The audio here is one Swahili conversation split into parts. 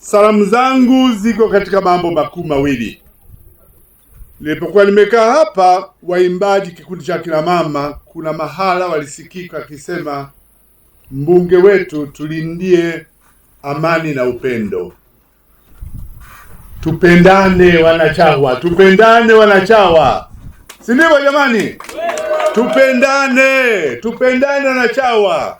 Salamu zangu ziko katika mambo makuu mawili. Nilipokuwa nimekaa hapa, waimbaji kikundi cha kina mama, kuna mahala walisikika akisema, mbunge wetu tulindie amani na upendo. Tupendane wanachawa, tupendane wanachawa, si ndivyo jamani? Tupendane, tupendane wanachawa,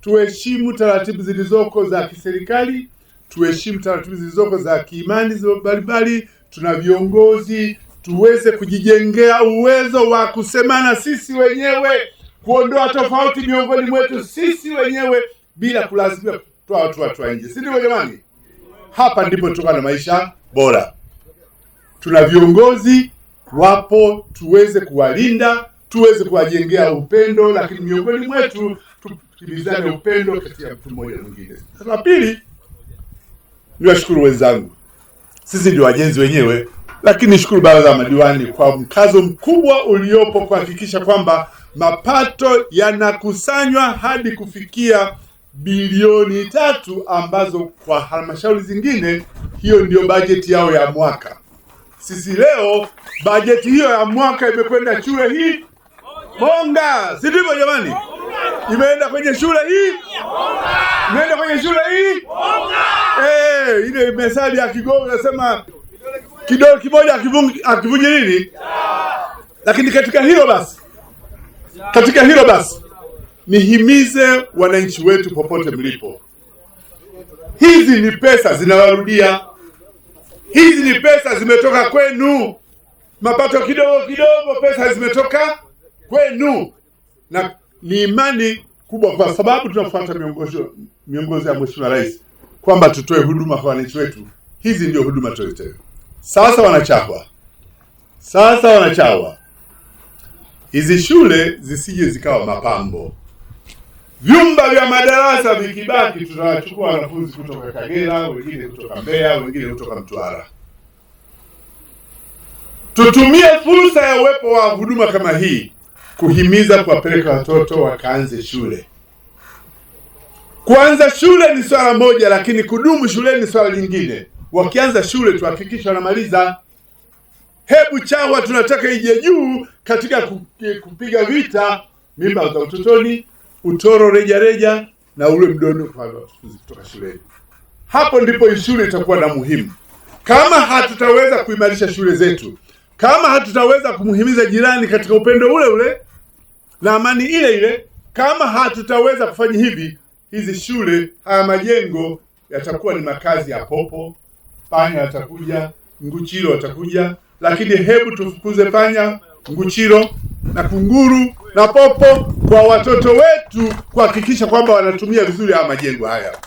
tuheshimu taratibu zilizoko za kiserikali tuheshimu taratibu zilizoko za kiimani mbalimbali, tuna viongozi, tuweze kujijengea uwezo wa kusemana sisi wenyewe, kuondoa tofauti miongoni mwetu sisi wenyewe bila kulazimika kutoa watu watu wa nje, si ndivyo jamani? Hapa ndipo tutoka na maisha bora. Tuna viongozi wapo, tuweze kuwalinda, tuweze kuwajengea upendo, lakini miongoni mwetu tukimizane upendo kati ya mtu mmoja mwingine. La pili Niwashukuru wenzangu, sisi ndio wajenzi wenyewe, lakini nishukuru baraza la madiwani kwa mkazo mkubwa uliopo kuhakikisha kwamba mapato yanakusanywa hadi kufikia bilioni tatu ambazo kwa halmashauri zingine hiyo ndiyo bajeti yao ya mwaka. Sisi leo bajeti hiyo ya mwaka imekwenda shule hii Bonga, si ndivyo jamani? Imeenda kwenye shule hii, imeenda kwenye shule hii eh, ile mesali ya Kigogo nasema kidole kimoja akivunje nini. Lakini katika hilo basi, katika hilo basi, nihimize wananchi wetu popote mlipo, hizi ni pesa zinawarudia, hizi ni pesa zimetoka kwenu, mapato kidogo kidogo, pesa zimetoka kwenu, na ni imani kubwa, kwa sababu tunafuata miongozo miongozo ya Mheshimiwa Rais kwamba tutoe huduma kwa wananchi wetu. Hizi ndio huduma tulizozitoa. Sasa wanachawa, sasa wanachawa, hizi shule zisije zikawa mapambo. Vyumba vya madarasa vikibaki, tutawachukua wanafunzi kutoka Kagera, wengine kutoka Mbeya, wengine kutoka Mtwara. Tutumie fursa ya uwepo wa huduma kama hii kuhimiza kuwapeleka watoto wakaanze shule. Kuanza shule ni swala moja, lakini kudumu shuleni ni swala lingine. Wakianza shule tuhakikisha wanamaliza. Hebu CHAWA tunataka ije juu katika eh, kupiga vita mimba za utotoni, utoro rejareja, reja na ule mdondo kwa wanafunzi kutoka shuleni. Hapo ndipo shule itakuwa na muhimu. Kama hatutaweza kuimarisha shule zetu, kama hatutaweza kumhimiza jirani katika upendo ule ule na amani ile ile, kama hatutaweza kufanya hivi hizi shule, haya majengo yatakuwa ni makazi ya popo. Panya atakuja, nguchiro watakuja, lakini hebu tufukuze panya, nguchiro na kunguru na popo kwa watoto wetu, kuhakikisha kwamba wanatumia vizuri haya majengo haya.